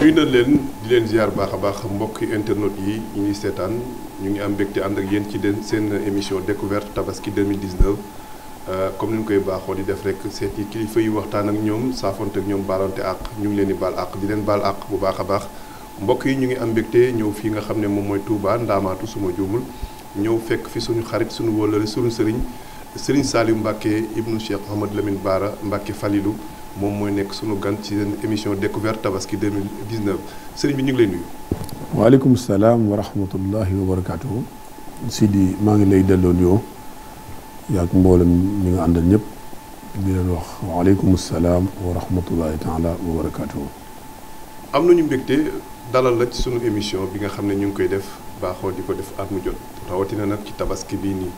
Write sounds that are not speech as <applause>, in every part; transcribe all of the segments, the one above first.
nuyu na leen di leen ziar baax a baax mbokk mbokki internet yi ñu ngi seetaan ñu ngi am mbégte ànd ak yéen ci den seen émission découverte tabaski 2019 euh, comme ni ñu koy baaxoo di def rek seeti kilifa yi waxtaan ak ñoom saafonte ak ñoom baalante àq ñu ngi leen di baal àq di leen baal àq bu baax a baax mbokk yi ñu ngi am mbégte ñëw fii nga xam ne moom mooy Touba ndaamaatu suma juumul ñëw fekk fi suñu xarit suñu wóllare suñu sëriñ Serigne Saliou Mbacké ibnu Cheikh Mouhamad Lamine baara Mbacké Falilou moom mooy nekk sunu gan ci seen émission découverte tabaski 2019 Serigne bi ñu ngi lay nuyu. waaleykum salaam wa rahmatullahi wa barakaatuhu. Sidi maa ngi lay delloo nuyoo yaak mboolem ñi nga àndal ñëpp di leen wax waaleykum salaam wa rahmatullahi taala wa barakaatuhu. am nañu mbégte dalal la ci sunu émission bi nga xam ne ñu ngi koy def baaxoo di ko def at mu jot rawatina nag ci tabaski bii nii.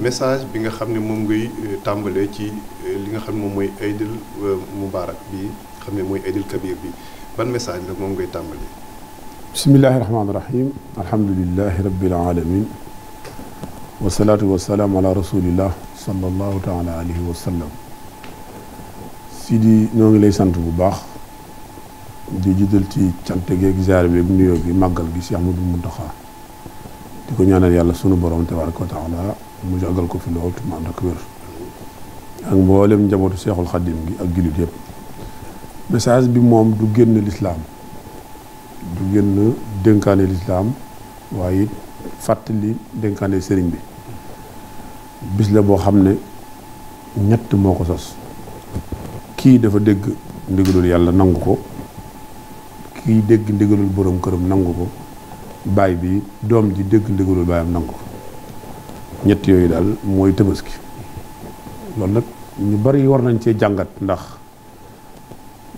message bi nga xam ne moom ngay euh, tàmbalee ci euh, li nga xam ne moom mooy Aïdil euh, Moubarak bi xam ne mooy Aïdil Kabir bi ban message la moom ngay tàmbalee. bismillahi rahmaani rahim alhamdulilahi rabbil alamin wasalaatu wasalaam ala rasulillah sallallahu taala alayhi wa sallam ngi lay sant bu baax di jiital ci cant geeg ziar bi nuyoo bi màggal gi Cheikh Ahmadou Mountakha di ko ñaanal yàlla sunu borom tabaraka wa taala mu yàggal ko fi lool te mu ànd ak mboolem njabootu seexul xaddim gi ak jullit yëpp message bi moom du génn lislaam du génn dénkaane lislaam waaye it fàttali dénkaane sëriñ bi bis la boo xam ne ñett moo ko sos kii dafa dégg ndigalul yàlla nangu ko kii dégg ndigalul borom këram nangu ko baay bi doom ji dégg ndigalul baayam nangu ko ñett yooyu daal mooy tabaski loolu nag ñu bari war nañ cee jàngat ndax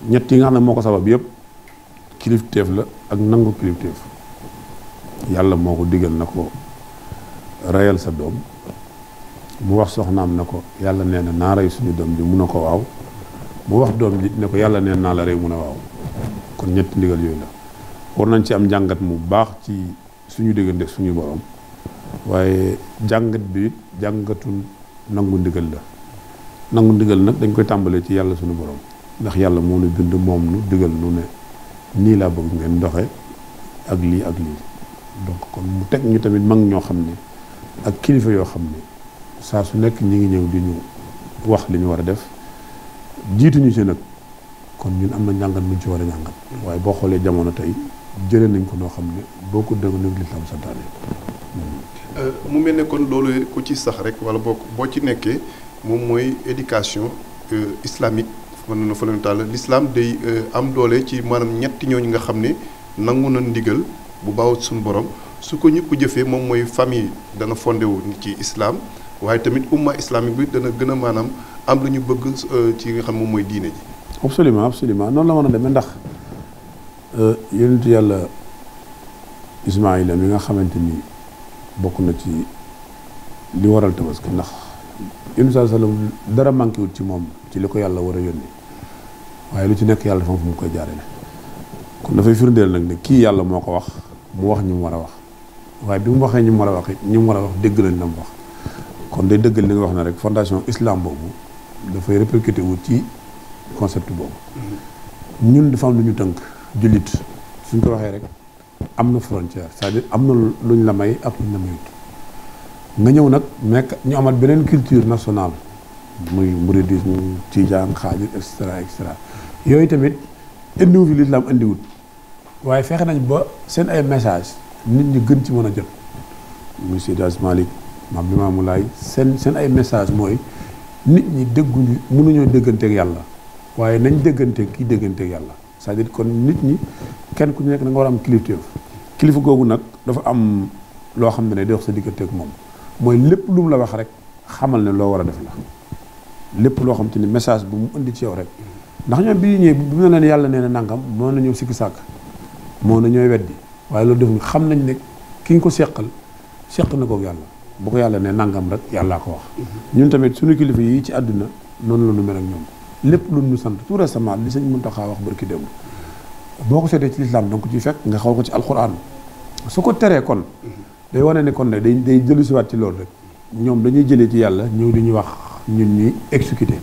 ñetti yi nga xam ne moo ko sabab yëpp kilifteef la ak nangu kilifteef yàlla moo ko digal na ko reyal sa doom mu wax soxnaam na ko yàlla nee na naa rey suñu doom ji mun na ko waaw mu wax doom ji ne ko yàlla neen naa la rey mun a waaw kon ñetti ndigal yooyu la war nañ ci am jàngat mu baax ci suñu diggante suñu borom waaye jàngat bi it nangu ndigal la nangu ndigal nag dañ koy tàmbalee ci yàlla sunu borom ndax yàlla moo nu bind moom nu digal nu ne nii laa bëgg ngeen doxe ak lii ak lii donc kon mu teg ñu tamit mag ñoo xam ne ak kilifa yoo xam ne saa su nekk ñi ngi ñëw di ñu wax li ñu war a def jiituñu ci nag kon ñun am na njàngat muñ ci war a njàngat waaye boo xoolee jamono tey jëlee nañ ko noo xam ne boo ko dégg nag sa santaane mu mel ne kon loolu ku ci sax rek wala boo boo ci nekkee moom mooy éducation euh, islamique mën na fa leen taal l'islam euh, am doole ci maanaam ñetti ñooñu nga xam ne nangu na ndigal bu baaw suñu borom su ko ñëpp jëfee moom mooy famille dana fondé wu ci islaam waaye tamit umma islamique bi dana gën a maanaam am lu ñu bëgg euh, ci nga xam moom mooy diine ji. absolument absolument noonu la mën a demee ndax yonentu yàlla Ismaïla mi nga xamante ni. bokk na ci li waral tabaski ndax yonent saa sallam dara manqué wul ci moom ci li ko yàlla war a yónni waaye lu ci nekk yàlla dafa am mu koy jaarale kon dafay firndeel nag ni kii yàlla moo ko wax mu wax ñi mu war a wax waaye bi mu waxee ñi mu war a wax ñi war a wax dégg nañ la mu wax kon day dëggal li nga wax na rek fondation islam boobu dafay répercuté wu ci concept boobu mm-hmm. ñun dafa am lu ñu tënk jullit suñ ko waxee rek am na frontière c'est-à-dire am na luñ la may ak luñ la mayut nga ñëw nag nekk ñu amat beneen culture nationale muy mouridisme tijaan xaadir et cetera et cetera yooyu tamit indiwu fi lislaam indiwut waaye fexe nañ ba seen ay message nit ñi gën ci mën a jot monsieur Daas Malick maam Limaamu Laay seen seen ay message mooy nit ñi dégguñu mënuñoo dëgganteek yàlla waaye nañ dégganteeg kii dégganteeg yàlla c'est-à-dire kon nit ñi kenn ku ci nekk da nga war a am kilifteef kilifa googu nag dafa am loo xam ne day wax sa diggante ak moom mooy lépp lu mu la wax rek xamal ne loo war a def la lépp loo xam te ni message bu mu indi ci rek ndax ñoom bi ñëwee bu mu ne leen yàlla nee na nangam moo na ñëw sikki sàkk moo na ñooy weddi waaye loolu def xam nañ ne ki nga ko seqal seq na ko yàlla bu ko yàlla ne nangam rek yàllaa ko wax mm-hmm. ñun tamit suñu kilifa yi ci àdduna noonu la nu mel ak ñoom lépp lu ñu sant tout récemment li sëñ Muntaxa wax barki dem boo ko seetee ci lislaam donc ci fekk nga xaw ko ci alxuraan su ko teree kon day wane ne kon ne day day dellusiwaat ci loolu rek ñoom dañuy jëlee ci yàlla ñëw di ñu wax ñun ñuy exécuter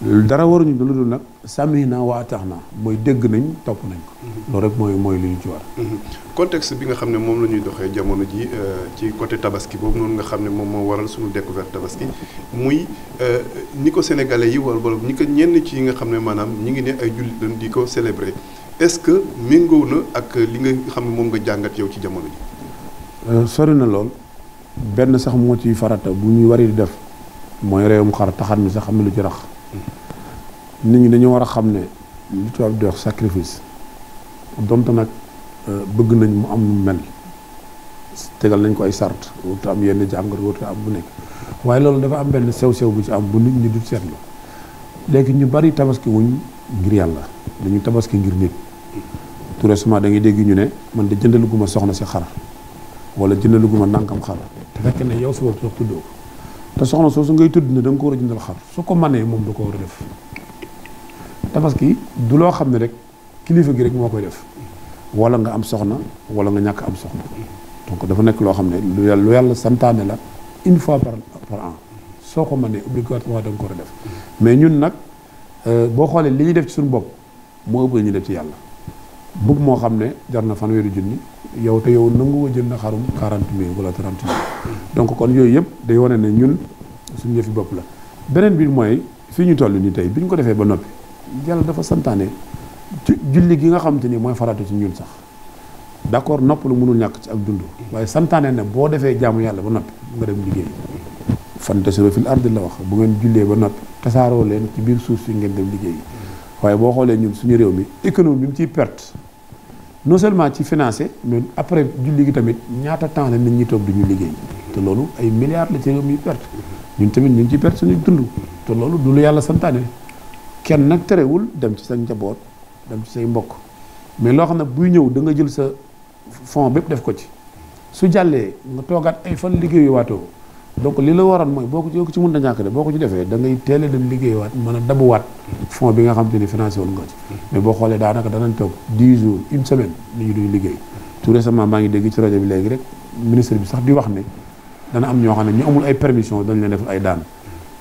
dara waruñu lu dul nag sàmmi naa waa tax naa mooy dégg nañ topp nañ ko. Mhm. loolu rek mooy mooy li ñu ci war. Mhm. contexte bi nga xam ne moom la ñuy doxee jamono ji euh, ci côté tabaski boobu noonu nga xam ne moom moo waral suñu découverte tabaski muy ñi euh, ko sénégalais yi war borom ñi ko ñenn ci yi nga xam ne maanaam ñi ngi ne ay jullit lañ di ko célébrer est-ce que méngóo na ak li nga xam ne moom nga jàngat yow ci jamono ji. Euh, sori na lool benn sax moo ci farata bu ñuy wari di def mooy réewum xar taxat mi sax am na lu jarax nit ñi dañu war a xam ne li tubaab di wax sacrifice donte nag euh, bëgg nañ mu am mel tegal nañ ko ay sart wut am yenn jàngat wut am bu nekk waaye loolu dafa am benn sew sew bu ci am bu nit ñi du seetlu léegi ñu bari tabaski wuñ ngir yàlla dañu tabaski ngir nit tout récemment da dégg ñu ne man de jëndaluguma soxna si xar wala jëndaluguma nànkam xar te fekk ne yow sa bopp tuddoo te soxna soosu ngay tudd ne da ko war a jëndal xar su ko manee moom da ko war a def tabaski du loo xam ne rek kilifa gi rek moo koy def wala nga am soxna wala nga ñàkk am soxna donc dafa nekk loo xam ne lu yàlla lu yàlla santaane la une fois par par an soo ko manee obligatoirement da nga ko war a def mais ñun nag euh, boo xoolee li ñuy def ci suñu bopp moo ëpp li def ci yàlla. bug moo xam ne jar na fanweeri junni yow te yow nangu nga jël na xarum 40 mille wala 30 mille donc kon yooyu yëpp day wane ne ñun suñu yëfi bopp la beneen bii mooy fii ñu toll nii tey bi ñu ko defee ba noppi yàlla dafa santaane ci julli gi nga xam te ni mooy farata ci ñun sax d'accord nopp lu mënul ñàkk ci ak dund waaye santaane ne boo defee jaamu yàlla ba noppi nga dem liggéey fantasiru fil ardi la wax bu ngeen jullee ba noppi tasaaroo leen ci biir suuf si ngeen dem liggéey waaye boo xoolee ñun suñu réew mi économie bi mu ciy perte non seulement ci financé mais après julli gi tamit ñaata temps la nit toog du ñu liggéey te loolu ay milliards la ci réew mi perte ñun tamit ñu ngi ciy perte suñu dund te loolu du lu yàlla santaane kenn nag terewul dem ci sa njaboot dem ci say mbokk mais loo xam ne buy ñëw da nga jël sa fond bépp def ko ci su jàllee nga toogaat ay fan liggéeyuwaatoo donc li la waroon mooy boo ko ci mën a ñàkk de boo ko ci defee da ngay teel a dem liggéeyuwaat mën a dabuwaat fond bi nga xam te ni financé woon nga ci mais boo xoolee daanaka danañ toog 10 jours une semaine nit ñi duñ liggéey tout récemment maa ngi dégg ci rajo bi léegi rek ministre bi sax di wax ne dana am ñoo xam ne ñu amul ay permission dañ leen def ay daan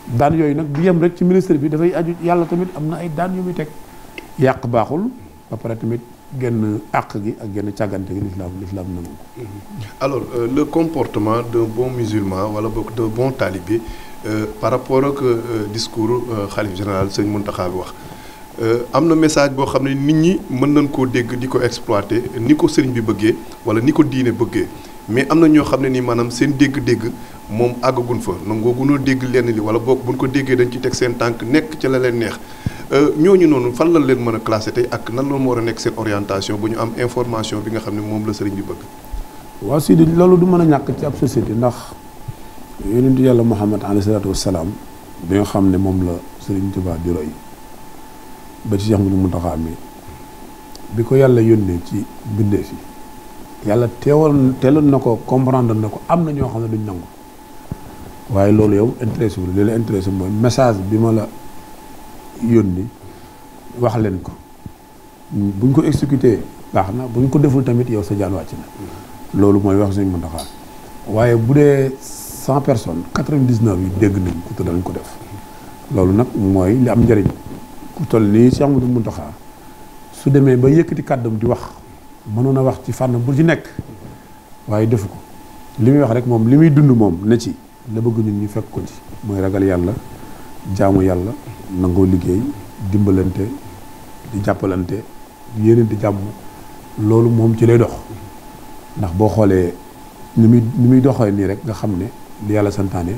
daan yooyu nag du yem rek ci ministre bi dafay aju yàlla tamit am na ay daan yu muy teg yàq baaxul ba pare tamit genn àq gi ak genn càggante gi l'islam l'islam nangu ko alors euh, le comportement d'un wala boog d'un bon talibé Euh, par rapport ak euh, discours euh, xalif général sëñ Mountakha bi wax am na message boo xam ne nit ñi mën nañ koo dégg di ko exploiter ni ko sëriñ bi bëggee wala ni ko diine bëggee mais am na ñoo xam ne nii maanaam seen dégg-dégg moom àggagun fa nangoo gunoo dégg lenn li wala boog buñ ko déggee dañ ci teg seen tànk nekk ci la leen neex ñooñu noonu fan la leen mën a classé tey ak nan la mu war a nekk seen orientation bu ñu am information bi nga xam ne moom la sëriñ bi bëgg. waaw du mën a ñàkk ci ab société ndax. yonentu yàlla Muhammad alayhi salaatu salaam bi nga xam ne moom la Sëriñ Tuubaa di roy ba ci Cheikh Mountakha mi bi ko yàlla yónnee ci bindeef yi yàlla teewoon teeloon na ko comprendre na ko am na ñoo xam ne duñ nangu waaye loolu yow intéressé wu li la intéressé mooy message bi ma la yónni wax leen ko buñ ko exécuté baax na buñ ko deful tamit yow sa jaan wàcc na loolu mooy wax Sëriñ Mountakha waaye bu dee cent personnes quatre-vingt-dix-neuf yi dégg nañ ko te danañ ko def loolu nag mooy li am njëriñ ku toll nii Cheikh mu doxaa su demee ba di kàddam di wax mënoon a wax ci fànn bu ci nekk waaye defu ko li muy wax rek moom li muy dund moom ne ci la bëgg ñun ñu fekk ko ci mooy ragal yàlla jaamu yàlla nangoo liggéey dimbalante di jàppalante di jàmm loolu moom ci lay dox ndax boo xoolee ni muy ni muy doxee nii rek nga xam ne li yàlla santaane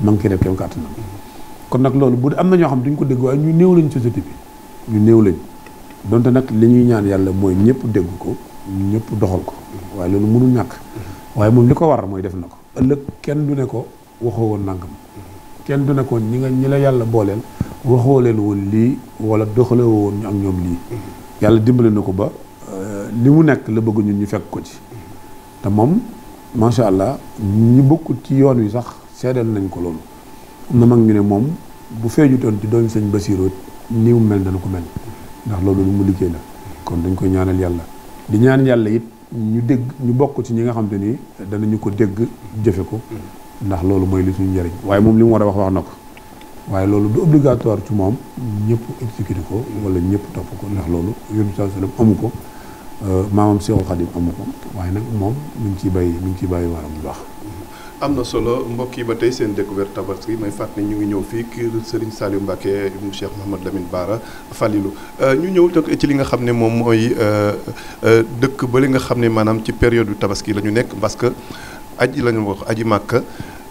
ma ngi koy def kéem kàttanam kon nag loolu bu am na ñoo xam duñ ko dégg waaye ñu néew lañ société bi ñu néew lañ donte nag li ñuy ñaan yàlla mooy ñëpp dégg ko ñëpp doxal ko waaye loolu mënul ñàkk waaye moom li ko war mooy def na ko ëllëg kenn du ne ko waxoo woon nangam kenn du ne ko ñi nga ñi la yàlla booleel waxoo leen woon lii wala doxale woon ñu ak ñoom lii yàlla dimbale na ko ba euh, li mu nekk la bëgg ñun ñu fekk ko ci te moom macha allah ñu bokkut ci yoon wi sax seedeel nañ ko loolu na mag ñu ne moom bu feejutoon ci doomi sëñ Basiru niw mel dana ko mel ndax loolu lu mu liggéey la kon dañ koy ñaanal yàlla di ñaan yàlla it ñu dégg ñu bokk ci ñi nga xam te ni danañu ko dégg jëfe ko ndax loolu mooy li suñu njariñ waaye moom li mu war a wax wax na ko waaye loolu du obligatoire ci moom ñëpp exécuté ko wala ñëpp topp ko ndax loolu yónni saa sallam amu ko Euh, maamam Seexul Xadim amu ko waaye nag moom mi ngi ciy bàyyi mi ngi ciy bàyyi waram bu baax. am na solo mbokk yi ba tey seen découverte tabaski may fàttali ñu ngi ñëw fii kër Serigne Saliou Mbacké ibnu Cheikh Mouhamad Lamine baara Falilou euh, ñu ñëw tëkk ci li nga xam ne moom mooy euh, dëkk ba li nga xam ne maanaam ci période tabaski la ñu nekk parce que aji la ñu aji màkk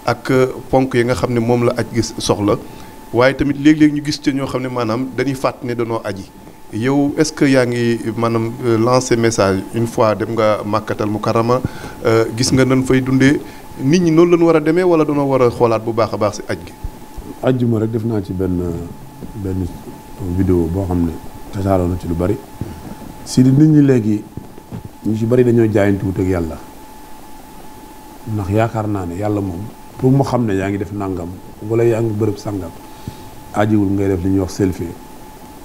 ak ponk yi nga xam ne moom la aj gis soxla waaye tamit léegi léeg ñu gis ci ñoo xam ne maanaam dañuy fàtt ne danoo aji yow est-ce que yaa ngi maanaam euh, lancer message une fois dem nga màkkatal mu karama euh, gis nga nan fay dundee nit ñi noonu lañu war a demee wala dañoo war a xoolaat bu baax a baax si aj gi. ajjuma rek def naa ci benn benn vidéo boo xam ne tasaaroo na ci lu bari si nit ñi léegi ñu ci bari dañoo jaayantuwut ak yàlla ndax yaakaar naa ne yàlla moom pour mu xam ne yaa ngi def nangam wala yaa ngi bërëb sàngam ajiwul ngay def li ñuy wax selfie.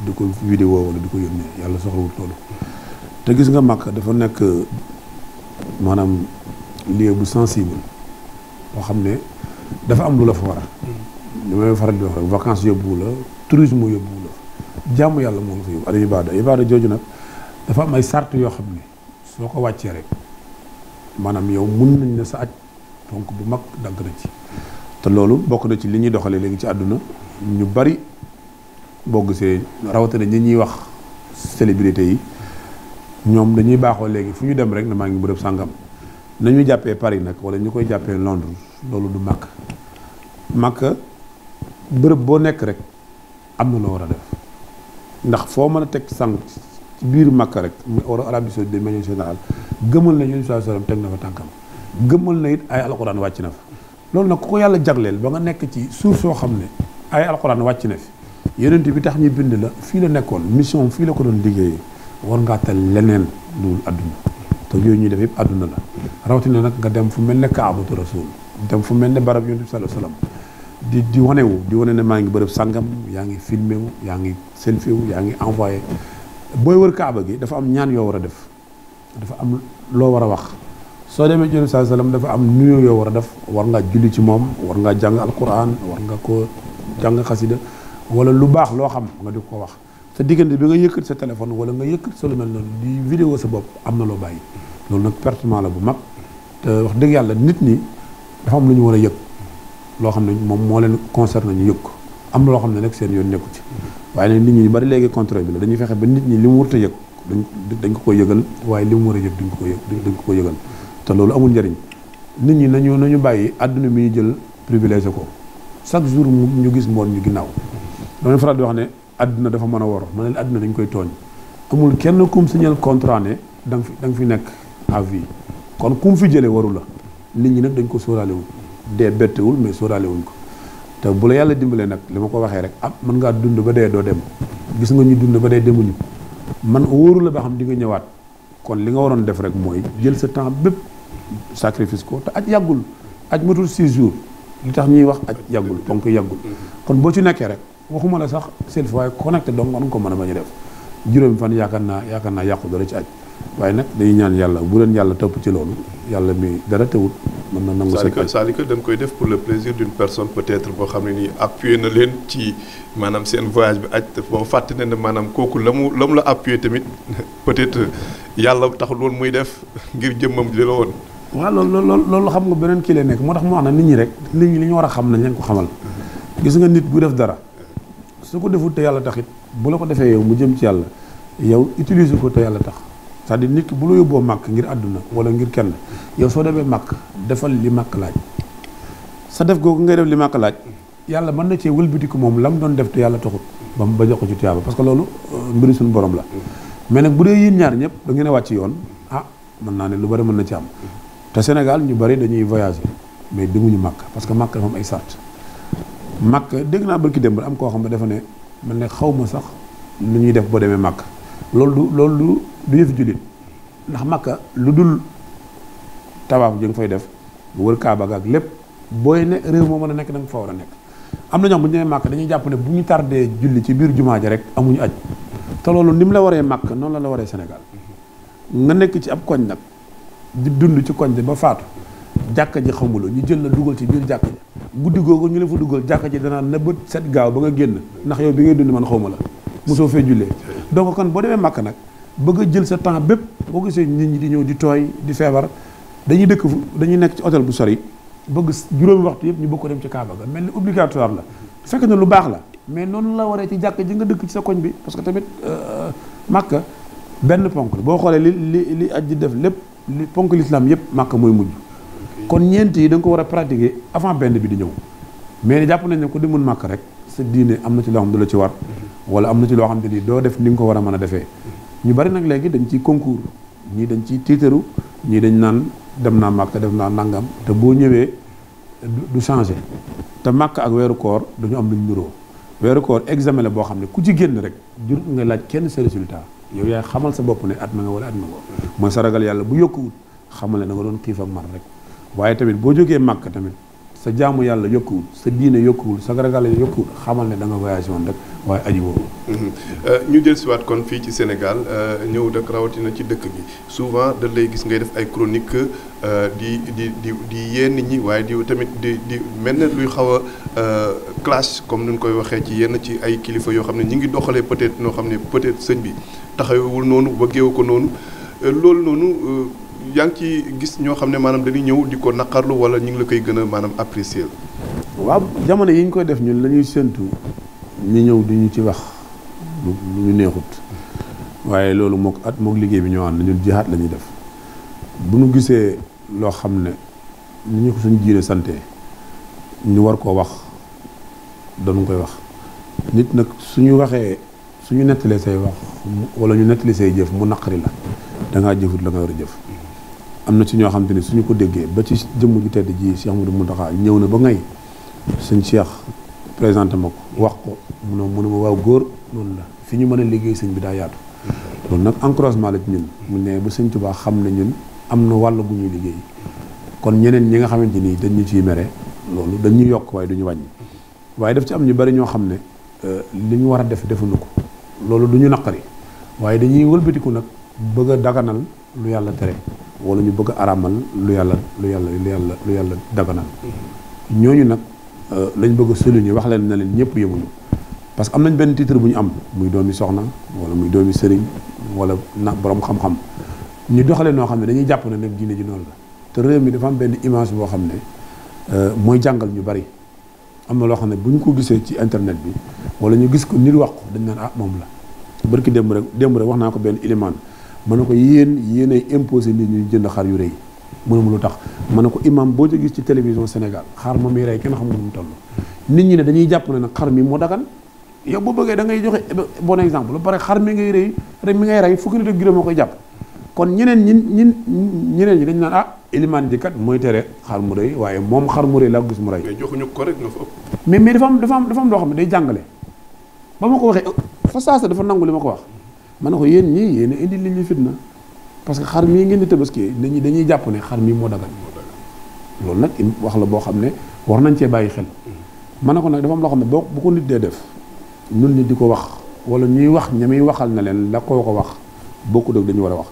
di ko vidéo wala di ko yónnee yàlla soxlawul loolu te gis nga màkk dafa nekk maanaam lieu bu sensible boo xam ne dafa am lu la fa war a mm. faral di wax rek vacances yóbbu la tourisme yóbbu la jàmm yàlla moo la fa yóbbu ada ibaada ibaada jooju nag dafa am ay sart yoo xam ne soo ko wàccee rek maanaam yow mun nañ ne sa aj donc bu mag dagg na ci te loolu bokk na ci li ñuy doxalee léegi ci àdduna ñu bari boo gisee rawatina ñi ñuy wax célébrité yi ñoom dañuy baaxoo léegi fu ñu dem rek na maa ngi bërëb sàngam na jàppee Paris nag wala ñu koy jàppee Londres loolu du màkk màkk bërëb boo nekk rek am na loo war a def ndax foo mën a teg sànq ci biir màkk rek mu war Arabie Saoudite de manière générale gëmal na yéen saa salaam teg na fa tànkam gëmal na it ay alxuraan wàcc na fa loolu nag ku ko yàlla jagleel ba nga nekk ci suuf soo xam ne ay alxuraan wàcc na fi. yonent bi tax ñu bind la fii la nekkoon mission fii la ko doon liggéeyee war ngaa tal leneen loolu adduna te yooyu ñu def yëpp adduna la rawatina nag nga dem fu mel ne kaabatu rasul dem fu mel ne barab yonent bi sallallahu di di wanewu di wane ne maa ngi bërëb sàngam yaa ngi filmé wu yaa ngi seen wu yaa ngi envoyé booy wër kaaba gi dafa am ñaan yoo war a def dafa am loo war a wax soo demee ci Yonent sallam dafa am nuyoo yoo war a def war ngaa julli ci moom war ngaa jàng alquran war nga ko jàng wala lu baax loo xam nga di ko wax sa diggante bi nga yëkkat sa téléphone wala nga yëkkat sa lu mel noonu di vidéo sa bopp am na loo bàyyi loolu nag pertement la bu mag te wax dëgg yàlla nit ñi dafa lu ñu war a yëg loo xam ne moom moo leen concerné ñu yëg ko am na loo xam ne nag seen yoon nekku ci waaye nit ñi bari léegi contrôle bi la dañuy fexe ba nit ñi li mu warut a yëg dañ dañ ko ko yëgal waaye li mu war a yëg duñ ko ko yëg dañ ko ko yëgal te loolu amul njariñ nit ñi nañu nañu bàyyi àdduna mi jël privilégié ko chaque jour ñu gis mboon ñu ginnaaw damay faral di wax ne àdduna dafa mën a wor ma ne la koy tooñ amul kenn kum signal contrat ne da nga da nga fi nekk à kon kum fi jëlee waru la nit ñi nag dañ ko sóoraale wu dee bettewul mais sóoraale wuñ ko te bu yàlla dimbalee nag li ma ko waxee rek ab ah, mën ngaa dund ba dee doo dem gis nga ñu dund ba dee demuñu man wóoru la ba xam di nga ñëwaat kon li nga waroon def rek mooy jël sa temps bépp sacrifice ko te aj yàggul aj matul 6 jours li tax ñuy wax aj yàggul ponk yàggul kon boo ci nekkee rek. waxuma la sax self waaye connecté dong war nga ko mën a ma a def juróomi fan yaakaar naa yaakaar naa yàqu dara ci aj waaye nag dañuy ñaan yàlla bu leen yàlla topp ci loolu yàlla mi dara tewut mën na nangu sa c'est-à-dire que koy def pour le plaisir d'une personne peut-être boo xam ne nii appuyé na leen ci maanaam seen voyage bi aj boo fàtte ne ne maanaam kooku la mu la mu la appuyé tamit <laughs> peut-être yàlla taxul loolu muy def ngir jëmmam li la woon waaw loolu loolu loolu xam nga beneen kii lay nekk moo tax mu wax na nit ñi rek nit ñi li ñu war a xam nañ leen ko xamal gis nga nit bu def dara su ko deful te yàlla tax it bu la ko defee yow mu jëm ci yàlla yow utiliser ko te yàlla tax cest à nit ki bu la yóbboo màkk ngir àdduna wala ngir kenn yow soo demee màkk defal li màkk laaj sa def googu ngay li màkk laaj yàlla mën na cee wëlbatiku moom la mu doon def te yàlla taxut ba mu ba jox ko ci tuyaaba parce que loolu euh, mbiru suñu borom la mais nag bu dee yéen ñaar ñëpp da ngeen a wàcc yoon ah mën naa ne lu bari mën na ci am te Sénégal ñu bari dañuy voyager mais demuñu màkk parce que màkk dafa am ay sart Makka dégg naa dem démb am koo xam ne dafa ne man ne xaw ma sax lu ñuy def boo demee Makka loolu du lu du yëf jullit ndax Makka lu dul tabaab ji nga fay def wër Kaaba ga lépp booy ne réew moo mën a nekk da nga fa war a nekk. am na ñoom bu ñu demee Makka dañuy jàpp ne bu ñu tardee julli ci biir jumaa ji rek amuñu aj te loolu ni mu la waree Makka noonu la la waree senegal nga nekk ci ab koñ nag di dund ci koñ bi ba faatu jàkka ji xamuloo ñu jël la dugal ci biir jàkka guddi googu ñu leen fa duggal jàkka ji danaa na bët set gaaw ba nga génn ndax yow bi ngay dund man xaw ma la mosoo fee jullee donc kon boo demee màkk nag bëgg jël sa temps bépp boo gisee nit ñi di ñëw di tooy di feebar dañuy dëkk dañuy nekk ci hôtel bu sori bëgg juróomi waxtu yëpp ñu bëgg ko dem ci Kaaba ga mel ni obligatoire la fekk na lu baax la mais noonu la waree ci jàkka ji nga dëkk ci sa koñ bi parce que tamit euh, makk benn ponk boo xoolee li li li aj di def lépp li ponk l'islam yëpp màkka mooy mujj kon ñeent yi da ko war a pratiquer avant benn bi di ñëw mais ni jàpp nañ ne ko di mun màkk rek sa diine am na ci loo xam du la ci war wala am na ci loo xam te ni doo def ni nga ko war a a defee ñu bari nag léegi dañ ciy concours ñii dañ ciy tiitaru ñii dañ naan dem naa màkk te naa nangam te boo ñëwee du changé te màkk ak weeru koor dañu am luñ nuroo weeru koor examen la boo xam ne ku ci génn rek jur nga laaj kenn sa résultat yow yaay xamal sa bopp ne at na nga wala at ma nga mooy sa ragal yàlla bu yokkuwut xamal ne da nga doon xiif ak mar rek waaye tamit boo jógee màkk tamit sa jaamu yàlla yokkuwul sa diine yokkuwul sa ragale yokkuwul xamal ne da nga voyage woon rek waaye aji woowu mhm. euh, ñu jël siwaat kon fii ci Sénégal euh, ñëw dëkk rawatina ci dëkk bi souvent da lay gis ngay def ay chronique euh, di di di di yee nit ñi waaye di tamit di di mel ne luy xaw a clash comme ni ñu koy waxee ci yenn ci ay kilifa yoo xam ne ñu ngi doxalee peut-être noo xam ne peut-être sëñ bi taxawewul noonu bëggeewu ko noonu loolu noonu yaa ngi ci gis ñoo xam ne maanaam dañuy ñëw di ko naqarlu wala ñu ngi la koy gën a maanaam apprécier waaw jamono yi ñu koy def ñun lañuy ñuy séntu ñu ñëw di ñu ci wax lu ñu neexut waaye loolu mook at mook liggéey bi ñoo ànd ñun jihaat la ñuy def bu ñu gisee loo xam ne ni ñu ko suñu jiine sante ñu war koo wax dañu koy wax nit nag su suñu waxee suñu nettalee say wax wala ñu nettali say jëf mu naqari la dangaa jëfut la nga war a jëf am na ci ñoo xamante ni suñu ko déggee ba ci jëmm ju tedd ji Cheikh Modou Mountakha ñëw na ba ngay suñ Cheikh présenté ma ko wax ko mu ne mu ne waaw góor noonu la fi ñu mën a liggéey sëñ bi daa yaatu loolu nag encouragement la ci ñu mu ne ba sëñ Tuubaa xam ne ñun am na wàll gu ñuy liggéey kon ñeneen ñi nga xamante ni dañ ciy mere loolu dañ ñu yokk waaye du ñu wàññi waaye daf ci am ñu bari ñoo xam ne euh, li ñu war a def defuñu ko loolu du ñu naqari waaye dañuy wëlbatiku nag bëgg a daganal lu yàlla tere wala ñu bëgg a araamal lu yàlla lu yàlla lu yàlla lu yàlla daganal ñooñu nag euh, lañ bëgg a souligner wax leen na leen ñëpp yemuñu parce que am nañ benn titre bu ñu am muy doomi soxna wala muy doomi sëriñ wala na borom xam ñu doxalee noo xam ne dañuy jàpp na nag diine ji noonu la te réew mi dafa am benn image boo xam ne euh, mooy jàngal ñu bari am na loo xam ne bu ñu ko gisee ci internet bi wala ñu gis ko nit wax ko dañ naan ah moom la barki démb rek démb rek wax naa ko benn ilimaan ma ne ko yéen yéenay imposé nit ñi jënd xar yu rëy mënu mu lu tax ma ne ko imam boo ci gis ci télévision Sénégal xar ma muy rey kenn xamul mu toll nit ñi ne dañuy jàpp ne nag xar mi moo dagan yow boo bëggee da ngay joxe bon exemple ba pare xar mi ngay rëy rek mi ngay rey fukki nit ak moo koy jàpp kon ñeneen ñin ñin ñeneen ñi dañu naan ah ilimaan ji kat mooy tere xar mu rëy waaye moom xar mu rëy laa gis mu rey mais joxuñu ko rek nga mais mais dafa am dafa am dafa am loo xam ne day jàngale ba ma ko waxee fa saasa dafa nangu li ma ko wax ma ne ko yéen ñii yéen indi li ñuy fitna parce que xar mii ngeen di tabaski dañuy dañuy jàpp ne xar mii moo dagan loolu nag wax la boo xam ne war nañ cee bàyyi xel mm. ma ne ko nag dafa am loo xam ne boo bu ko nit dee def nun nit di ko wax wala ñuy wax ña muy waxal na leen la koo ko wax bokkut ak dañu war a wax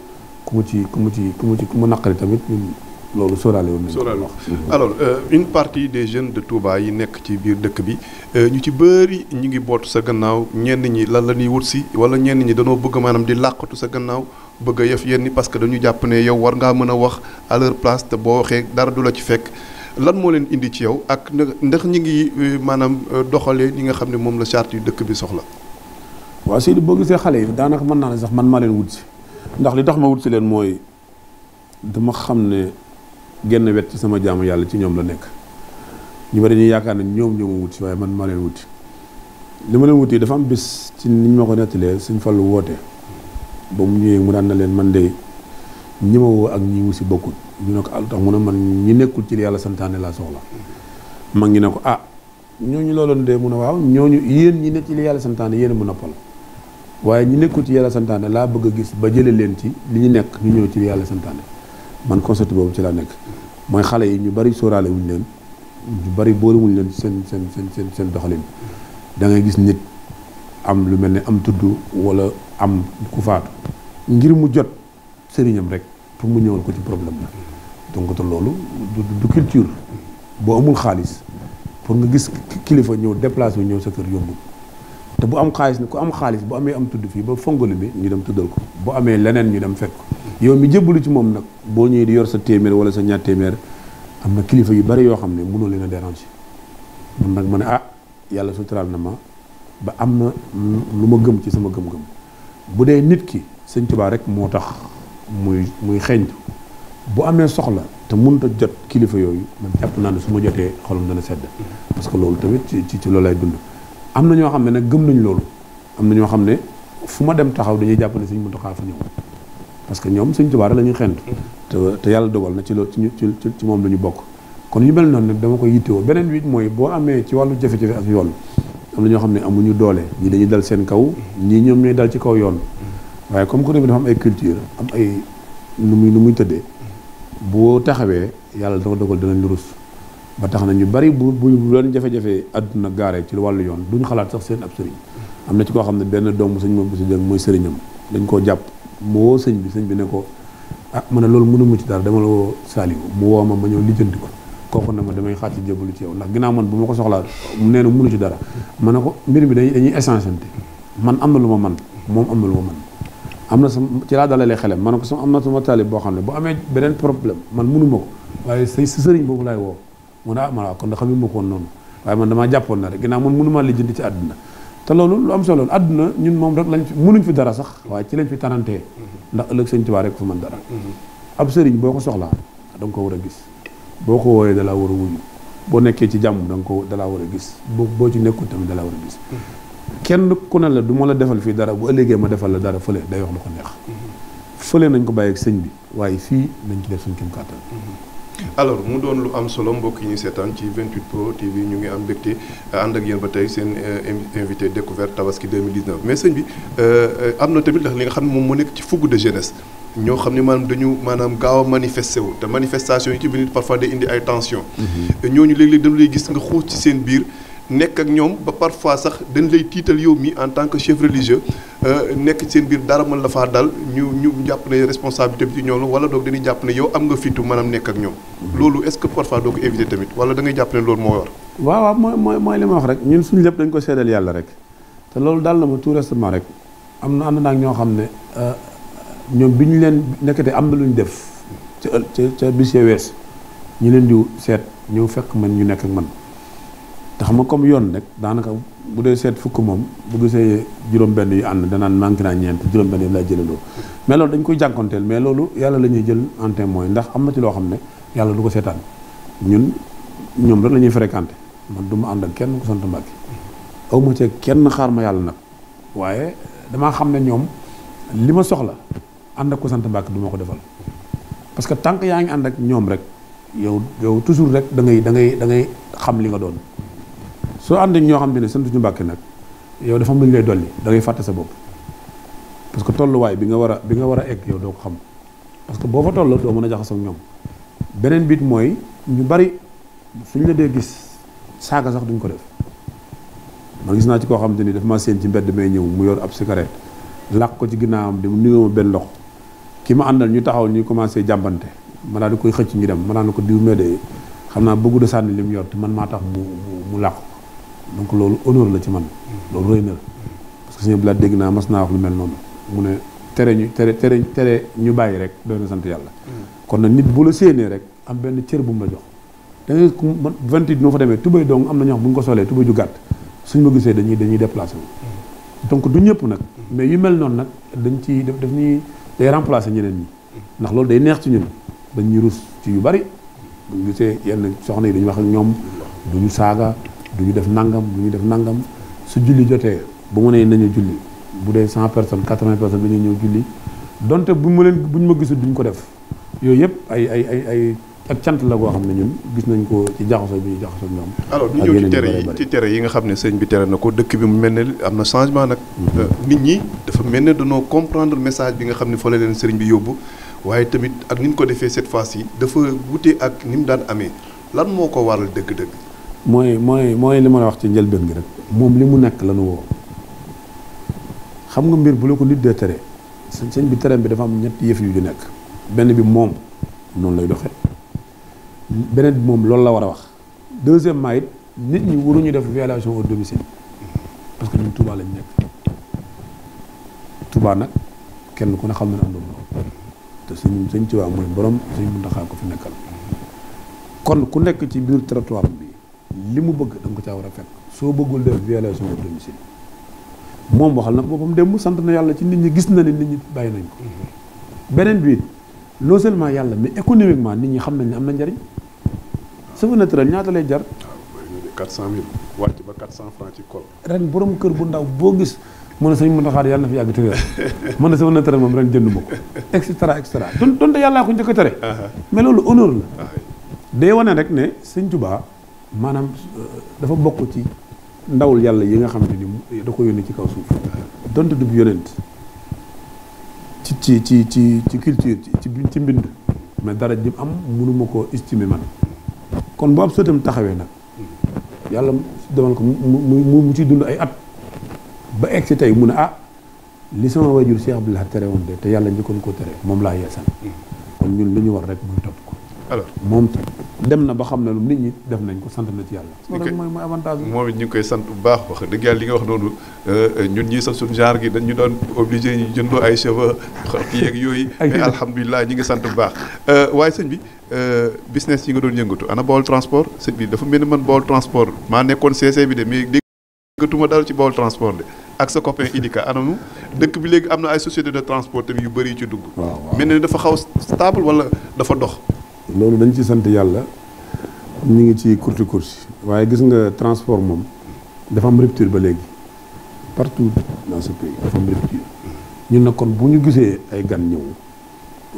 ku mu ci ku mu ci ku mu ci ku mu naqari tamit ñun loolu sóoraale woon sóoraale alors euh, une partie de jeunes de Touba yi nekk ci biir dëkk bi euh, ñu ci bëri ñu ngi boot sa gannaaw ñenn ñi lan la ñuy wut si wala ñenn ñi danoo bëgg maanaam di làqatu sa gannaaw bëgg a yëf yenn parce que dañu jàpp ne yow war ngaa mën a wax à leur place te boo waxee dara du la ci fekk lan moo leen indi ci yow ak ndax ñi ngi euh, maanaam euh, doxalee ñi nga xam ne moom la charte yu dëkk bi soxla. waaw Seydou boo gisee xale yi daanaka mën naa ne sax man maa leen wut si ndax li tax ma wut si leen mooy dama xam ne genn wet ci sama jaamu yàlla ci ñoom la nekk ñu bari ñu yaakaar ne ñoom ñoo ma wuti waaye man ma leen wuti li ma leen wuti dafa am bis ci ni ma ko nettalee suñ lu wootee ba mu ñëwee mu daan na leen man de ñi ma woo ak ñi wusi bokkul ñu ne ko alu ah tax mu ne man ñi nekkul ci yàlla santaane laa soxla man ngi ne ko ah ñooñu looloon de mu ne waaw ñu yéen ñi nekk ci li yàlla santaane yéen mu noppal waaye ñi nekkul ci yàlla santaane laa bëgg a gis ba jële leen li ñu nekk ñu ñëw ci li yàlla santaane man concept boobu ci laa nekk mooy xale yi ñu bari sóoraale wuñ leen ñu bari boole wuñ leen seen seen seen seen seen doxalin da ngay gis nit am lu mel ni am tudd wala am ku faatu ngir mu jot sëriñam rek pour mu ñëwal ko ci problème la donc te loolu du culture boo amul xaalis pour nga gis kilifa ñëw déplace yu ñëw sa kër yombul te bu am xaalis ne ku am xaalis bu amee am tudd fii ba fongalu bi ñu dem tuddal ko bu amee leneen ñu dem fekk yow mi jébbalu ci moom nag boo ñëwee di yor sa téeméer wala sa ñaar téeméer am na kilifa yu bari yoo xam ne mënoo leen a déranger man nag ma ne ah yàlla suturaal na ma ba am na lu ma gëm ci sama gëm-gëm bu dee nit ki sëñ rek moo tax muy muy xeeñtu bu amee soxla te mënut a jot kilifa yooyu man jàpp naa ne su ma jotee xolam dana sedd parce que loolu tamit ci ci loolu lay dund am na ñoo xam ne nag gëm nañ loolu am na ñoo xam ne fu ma dem taxaw dañuy jàpp ne sëñ Muntaxaa fa ñëw parce que ñoom Sëñ Tuubaa la ñuy xent te te yàlla dogal na ci loo ci ci moom la ñu bokk kon yu mel noonu nag dama koy yittewoo beneen bi mooy boo amee ci wàllu jafe-jafe ak am na ñoo xam ne amuñu doole ñi dañuy dal seen kaw ñii ñoom ñooy dal ci kaw yoon waaye comme que réew mi dafa ay culture am ay muy nu muy tëddee boo taxawee yàlla dafa dogal dinañ lu rus ba tax na ñu bari bu bu leen jafe-jafe àdduna gaaree ci wàllu yoon duñu xalaat sax seen ab sëriñ am na ci koo xam ne benn doomu sëñ moom bu si dégg mooy sëriñam dañ koo jàpp mu woo sëñ bi sëñ bi ne ko ah ma ne loolu mënuma ci dara dama la woo Saliou mu woo ma ma ñëw lijjanti ko kooku ne ma damay xaaj ci jébbalu ci yow ndax ginnaaw man bu ma ko soxlaa nee na mënu dara ma ne ko mbir bi dañuy échangeante man am na ma man moom am na lu ma man na sama ci laa dalalee xelam ma ne ko sama am na sama taalib boo xam ne bu amee beneen problème man mënuma ko waaye say sa sëriñ boobu laay woo mu ne ah kon da xam ne ma ko woon noonu waaye man damaa jàppoon na rek ginnaaw man mënumaa lijjanti ci àdduna te loolu lu am solo àdduna ñun moom rek lañ fi mënuñ fi dara sax waaye ci lañ fi tarantee ndax ëllëg sëñ Tuubaa rek fa man dara mhm. ab sëriñ boo ko soxlaa danga ko war a gis boo ko wooyee dalaa war a wuyu boo nekkee ci jàmm da ko dalaa war a gis boo boo ci nekkul tamit dalaa war a gis mhm. kenn ku ne la du ma la defal fii dara bu ëllëgee ma defal la dara fële day wax lu ko neex mhm. fële nañ ko bàyyi ak sëñ bi waaye fii nañ ci def suñ kim kàttan alors mu doon lu am solo mbokk yi ñu seetaan ci 28 pro TV ñu ngi am mbégte euh, ànd ak yéen ba tey seen euh, invité découverte tabaski 2019 mais sëñ bi euh, am na tamit ndax li nga xam ne moom mu nekk ci fougue de jeunesse ñoo xam ne maanaam dañu maanaam gaaw a manifesté wu te manifestation yi ci biir parfois day indi ay tension mm-hmm. ñooñu léeg-léeg dañu lay gis nga xuus ci seen biir. nekk ak ñoom ba parfois sax dañ lay tiital yow mi en tant que chef religieux euh, nekk seen biir dara mën la faa dal ñu ñu jàpp ne responsabilité bi ci ñoom wala doog dañuy jàpp ne yow am nga fitu maanaam nekk ak ñoom. Mm-hmm. loolu est-ce que parfois doo ko éviter tamit wala da ngay jàpp moo war. waaw waaw mooy mooy mooy wax rek ñun suñu lépp dañ ko seedal yàlla rek te loolu daal na ma tout récemment rek am na ànd naa ñoo xam ne euh, ñoom bi ñu leen nekkatee am na lu ñu def ca ca ca bis wees ñu leen di seet ñëw fekk man ñu nekk ak man. te xam nga comme yoon rek daanaka bu dee seet fukk moom bu gisee juróom-benn yu ànd danaan manqué naa ñeent juróom-benn yi lay jëlaloo dañ koy jànkonteel mais loolu yàlla la ñuy jël en mooy ndax am ma ci loo xam ne yàlla du ko seetaan ñun ñoom rek la ñuy fréquenté man du ma ànd ak kenn ku sant Mbàkke aw ma ci kenn xaar ma yàlla nag waaye damaa xam ne ñoom li ma soxla ànd ak ku sant Mbàkke duma ko defal parce que tant yaa ngi ànd ak ñoom rek yow yow toujours rek da ngay da da ngay xam li nga doon. soo ànd ak ñoo xam ne sant ñu mbàkke nag yow dafa am lu lay dolli da ngay fàtte sa bopp parce que tolluwaay bi nga war a bi nga war a egg yow doo ko xam parce que boo fa toll doo mën a jaxasoo ak ñoom beneen biit mooy ñu bari suñ la dee gis saaga sax duñ ko def man gis naa ci koo xamante ni dafa maa séen ci mbedd may ñëw mu yor ab cigarette làq ko ci ginnaawam di mu nuyoo ma benn loxo ki ma àndal ñu taxaw ñu commencé jàmbante ma daal di koy xëcc ñu dem ma daal di ko xam naa bëggu de sànni li mu yor man maa tax mu mu làq donc loolu honneur la ci man loolu rëy na parce que sëñ dégg naa mas naa wax lu mel mu ne tere ñu tere tere tere ñu bàyyi rek doy sant yàlla kon nag nit bu la séenee rek am benn cër bu mu la jox da ngay man vingt huit noo fa demee am na bu ñu ko solee tubay ju gàtt suñ ma gisee dañuy dañuy déplacé donc du ñëpp nag mais yu mel noonu nag dañ ci daf daf ñuy day remplacé ñeneen ñi ndax loolu day neex ci ñun dañ ñuy rus ci yu bari bu ñu gisee yenn soxna yi dañuy wax ak ñoom duñu saaga du ñu def nangam bu ñu def nangam su julli jotee bu mu nee nañu julli bu dee cent personnes quatre-vingts personnes dañuy ñëw julli donte bu ma leen bu ñu ma gisul duñ ko def yooyu yëpp ay ay ay ay ak cant la goo xam ne ñun gis nañ ko ci jaxasoo bi ñu jaxasoo ñoom. alors ñu ñëw ci tere yi tere yi nga xam ne sëñ bi tere na ko dëkk bi mu mel ne am na changement nag. Mhm. Euh, nit ñi dafa mel ne danoo comprendre message bi nga xam ne fa la leen sëriñ bi yóbbu waaye tamit ak ni mu ko defee cet fois-ci dafa wute ak ni mu daan amee lan moo ko waral dëgg-dëgg. mooy mooy mooy li ma wax ci njëlbeen gi rek moom li mu nekk la nu woo xam nga mbir bu la ko nit dee tere sëñ sëñ bi tereem bi dafa am ñetti yëf yu di nekk benn bi moom noonu lay doxee beneen bi moom loolu la war a wax deuxièmement it nit ñi waruñu def violation au domicile parce que ñun Touba lañ nekk Touba nag kenn ku ne xam na ne am loolu te suñ sëñ Touba mooy borom sëñ Muntaxa ko fi nekkal kon ku nekk ci biir territoire bi li mu bëgg da nga ko caa war a fekk soo bëggul def violation de domicile moom waxal na boppam démb sant na yàlla ci nit ñi gis na ne nit ñi bàyyi nañ ko beneen bi non seulement yàlla mais économiquement nit ñi xam nañ ne am na njariñ cheveu naturel ñaata lay jar. quatre cent mille wàcc ba quatre cent francs ci kol ren kër bu ndaw boo gis mën sañ mën a xaar yàlla na yàgg te wér mën na cheveu naturel moom ren jënd ma ko et cetera et cetera don donte yàllaa ko njëkk a tere mais loolu honneur la rek ne sëñ Tuubaa maanaam euh, dafa bokk ci ndawul yàlla yi nga xamante ni da ko yónni ci kaw suuf donte du yonent ci ci ci ci ci culture ci ci mbind mais dara jëm am mënuma koo estimer man kon bu ab sëtam taxawee nag yàlla demal ko mu mu ci dund ay at ba egg si tey mu ne ah li sama wajur Cheikh Abdoulaye tere woon de te yàlla njëkkoon koo tere moom laa yeesal hmm. kon ñun li ñu war rek muy topp ko alors moom dem na ba xam ne lu nit ñi def nañ ko sant na ci yàlla. ok mooy mooy moom it ñu koy sant bu baax wax dëgg yàlla li nga wax noonu euh, ñun ñii sax suñu genre gi dañ ñu doon obligé ñu jëndoo ay cheveux kii ak yooyu. mais alhamdulilah ñu ngi sant bu baax. Euh, waaye sëñ bi euh, business yi nga doon yëngatu ana Baol transport sëñ bi dafa mel ni man Baol transport ma nekkoon CC bi de mais déggatuma dal ci Baol transport de. ak sa copain Idika anamu dëkk bi léegi am na ay société de transport yu bëri yu dugg. waaw mel na dafa xaw stable wala dafa dox. loolu dañ ci sant yàlla ñu ngi ci courte course waaye gis nga transport moom dafa am rupture ba léegi partout dans ce pays dafa rupture ñun nag kon bu ñu gisee ay gan ñëw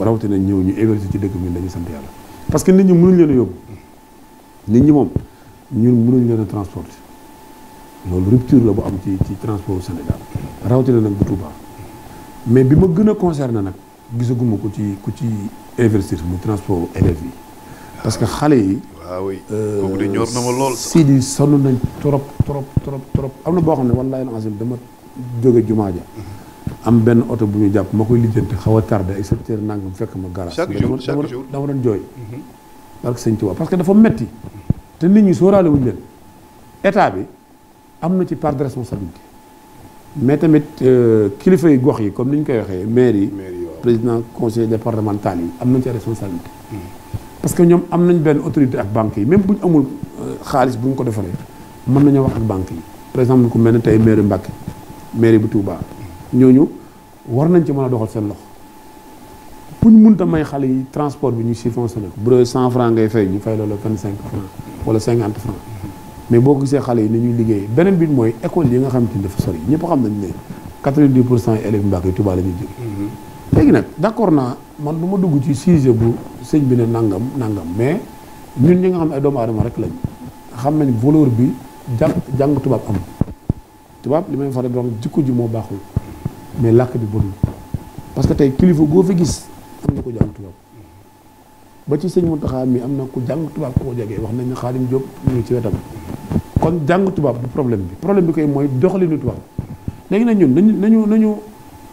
rawatina ñëw ñu investir ci dëkk bi dañuy sant yàlla parce que nit ñi mënuñ leen a nit ñi moom ñun mënuñ leen a transporter loolu rupture la bu am ci ci transport Sénégal rawatina nag bu Touba mais bi ma gën a concerné nag gisaguma ko ci ku ci investir mu transport élèves yi. parce que xale yi. waaw ah oui euh, kooku na lool. siid yi nañ trop trop trop trop am na boo xam ne wallaahi alazim dama jóge jumaa ja mhm. am benn oto bu ñu jàpp ma koy lijjanti xaw a tardé ay sept heures fekk ma garage. chaque jour chaque jour dama doon jooy. Mhm. parce que dafa metti te nit ñi sóoraale wuñu leen état bi am na ci part de responsabilité mais tamit euh, kilifa yi gox yi comme ni ñu koy waxee maire yi. président conseil départemental yi am nañ ci responsabilité parce que ñoom am nañ benn autorité ak banque yi même bu ñu amul euh, xaalis bu ñu ko defaree mën nañoo wax ak banque yi par exemple ku mel ne tey mairie Mbacké mairie bu Touba ñooñu war nañ ci mën a doxal seen loxo bu ñu mënta may xale yi transport bi ñu subventionné ko bu dee 100 francs ngay fay ñu fay loolu cinq francs wala 50 francs mais boo gisee xale yi ni ñuy liggéey beneen bi mooy école yi nga xamante ni dafa sori ñëpp xam nañ ne 90 pour cent élèves Mbacké Touba la ñuy jóge léegi nag d'accord naa man du ma dugg ci sujet bu sëñ bi ne nangam nangam mais ñun ñi nga xam ne ay doomu adama rek lañ xam nañ valeur bi jàng jàng am tubaab li may faral di jikko ji moo baaxul mais làkk bi bonul parce que tey kilifa goo fi gis am na ko jàng tubaab ba ci sëñ Mountakha mi am na ku jàng tubaab ku jege wax nañ ne Xaadim Jóob ñu ci wetam kon jàng tubaab du problème bi problème bi koy mooy doxalinu tubaab léegi nag ñun nañu nañu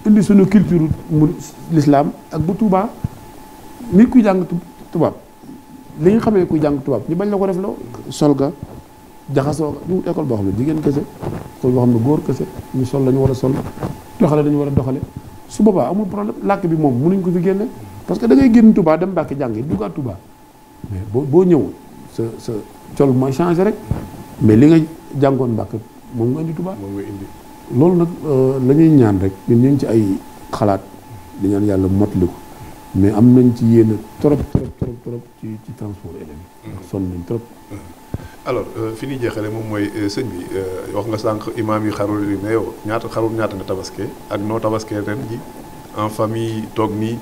indi suñu culture mu lislaam ak bu Touba nit kuy jàng tubaab li nga xamee kuy jàng tubaab ñu bañ la ko def la sol ga jaxasoo ga ñu école boo xam ne jigéen kese école boo xam ne góor kese ñu sol lañu war a sol doxale dañu war a doxale su boobaa amul problème làkk bi moom mënuñ ko fi génne parce que dangay ngay génn Touba dem Mbàkke jàng yi duggaat Touba boo ñëw sa sa col mooy changé rek mais li nga jàngoon mbàkk moom nga indi Touba moom nga indi loolu nag euh, la ñuy ñaan rek ñun ñu ci ay xalaat di ñaan yàlla motali ko mais am nañ ci yéen trop trop trop trop ci ci transport élèves yi. Mm-hmm. sonn nañ trop. Mm-hmm. alors euh, fi ñuy jeexale moom mooy euh, sëñ bi wax nga sànq imaam yi xarul yi mais yow ñaata xarul ñaata nga tabaske ak noo tabaske ren ji en famille toog nii.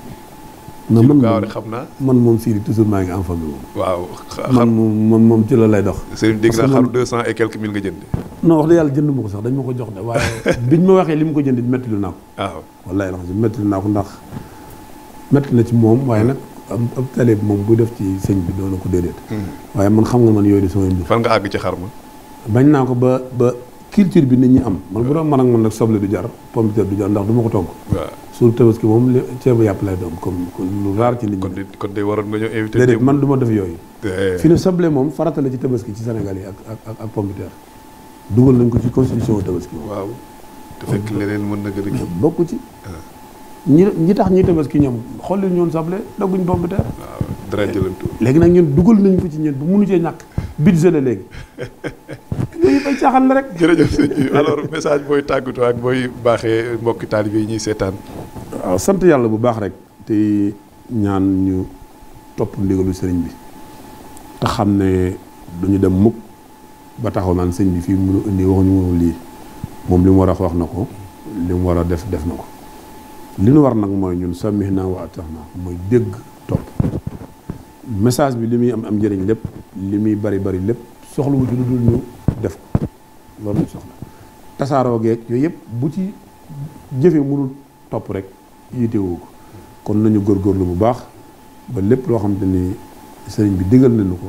non man moom xam naa man moom Sidi toujours maa ngi en moom. waaw man moom moom ci lay dox. Serigne dégg naa xar deux cent et quelques mille nga jënd. non wax dëgg yàlla jënd ma ko sax dañ ma ko jox de waaye <laughs> biñ ma waxee li mu ko jënd métti lu naa ko. waaw wallaay la métti lu naa ko ndax métti na ci moom waaye nag ab taleeb moom bu def ci sëñ bi doona ko déedéet. Hmm. waaye man xam nga man yooyu de sama mbir. fan nga àgg ci xar ma. bañ naa ko ba ba. culture bi nit ñi am man bu doon man ak man nag soble du jar pomme de terre du jar ndax du ma ko togg suur tabaski moom ceebu yàpp lay doon comme lu raar ci nit ñi kon day waroon nga ñëw invité déedéet man du ma def yooyu eh. fi ne soble moom farata la ci tabaski ci Sénégal yi ak ak ak pomme de terre dugal nañ ko ci constitution a tabaski waaw te fekk leneen mën na gën a bokku ci eh. ñi ñi tax ñuy tabaski ñoom xool leen ñoon sable dogguñ pomme de terre dara jëlantu léegi nag ñun dugal nañ ko ci ñun bu mënu cee ñàkk budget la léegi <laughs> yëpp ay caaxaan la rek. jërëjëf sëñ message booy tàggatoo ak booy baaxee mbokki taalibe yi ñuy seetaan. sant yàlla bu baax rek. te ñaan ñu topp ndigalu sëriñ bi te xam ne duñu dem mukk ba taxaw naan sëñ bi fii mu mënu lii moom li mu war a wax na ko li mu war a def def na ko li ñu war nag mooy ñun sàmmi naa waa tax naa mooy dégg topp message bi li muy am am njëriñ lépp li muy bari bari lépp soxla wu ci lu dul ñu def ko loolu soxla tasaaroo geeg yooyu yëpp bu ci jëfee mënul topp rek yitewoo ko kon nañu góorgóorlu bu baax ba lépp loo xamante ni sëriñ bi digal nañu ko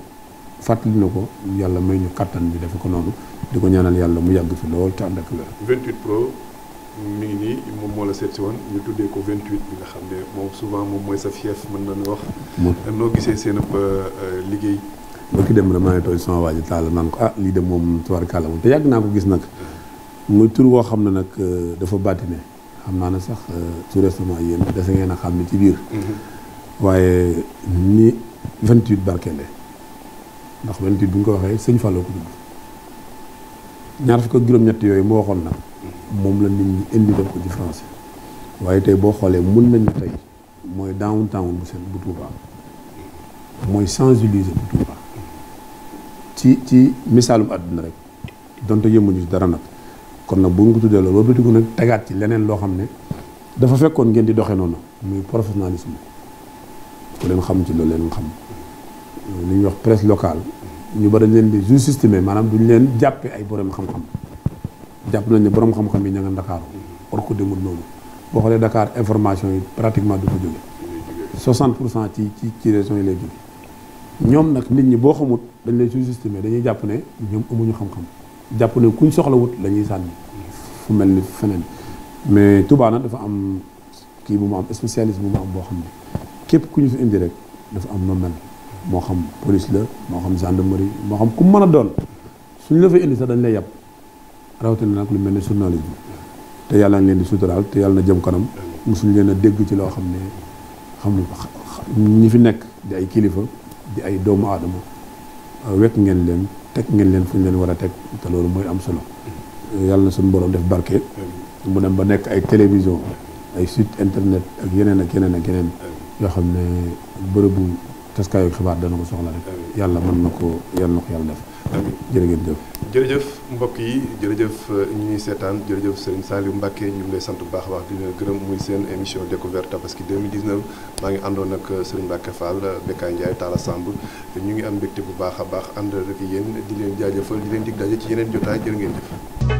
fàttali na ko yàlla may ñu kattan bi dafa ko noonu di ko ñaanal yàlla mu yàgg fi lool te ànd ak wér. 28 pro mi nii moom moo la seet si woon ñu tuddee ko 28 bi nga xam ne moom souvent moom mooy sa fief mën nañu wax. moom noo gisee seen ab euh, liggéey. ba ki dem rek maa ngi tooy sama waa ji taal naan ko ah lii de moom tubarkàlla moom te yàgg naa ko gis nag muy tur woo xam ne nag euh, dafa bàttine xam naa ne sax euh, tout récemment yéen dese ngeen a xam ne ci biir. Mm-hmm. waaye ni 28 barkeende ndax 28 bu ñu ko waxee sëñ Fallou ko tudd ñaar fukk ak juróom-ñett yooyu moo waxoon nag moom la nit ñi indi def ko ci français waaye tey boo xoolee mun nañu tey mooy downtown bu seen bu Touba mooy sensibiliser ci ci misaalum àdduna rek donte yëmuñu ci dara nag kon nag bu ngi tuddee loolu wëlbati ko nag tegaat ci leneen loo xam ne dafa fekkoon ngeen di doxee noonu muy professionnalisme ku leen xam ci loolu leen xam li ñuy wax presse locale ñu bari leen di sous-estimer maanaam duñ leen jàppee ay borom xam jàpp nañ ne borom xam-xam yi ña nga Ndakaaru war ko boo xoolee Dakar information yi pratiquement du ko jóge ci ci ci yi lay nit ñi boo xamut dañ lay sous-estimer dañuy jàpp ne ñoom amuñu xam-xam jàpp ne kuñ soxla wut lañuy sànni fu mel ni feneen mais Touba nag dafa am kii bu mu am spécialiste bu mu am boo xam ne képp ku ñu fi indi rek dafa am noonu moo xam police la moo xam gendarmerie moo xam ku mën a doon suñ la fay indi sax dañ lay yàpp rawatina nag lu mel ni ne journalisme te yàlla na leen di suturaal te yàlla na jëm kanam mosuñ leen a dégg ci loo xam ne xam ñi fi nekk di ay kilifa di ay doomu aadama wekk ngeen leen teg ngeen leen fu ñu leen war a teg te loolu mooy am solo yàlla na suñu borom def barke mu dem ba nekk ay télévision ay site internet ak yeneen ak yeneen ak yoo xam ne bërëbu taskaayu xibaar dana ko soxla rek yàlla mën na ko yàlla na ko yàlla def amiin jërë ngeen jëf. jërëjëf mbokk yi jërëjëf euh, ñu ñuy seetaan jërëjëf Serigne Saliou Mbacké ñu ngi sant bu baax a baax di leen gërëm muy seen émission découverte tabaski 2019 maa ngi àndoon ak euh, Serigne Mbacké Fall euh, Bekkaay Ndiaye Talla Samb ñu ngi am mbégte bu baax a baax ànd ak yéen di leen jaajëfal di leen dig daje ci yeneen jotaay jërë ngeen jëf.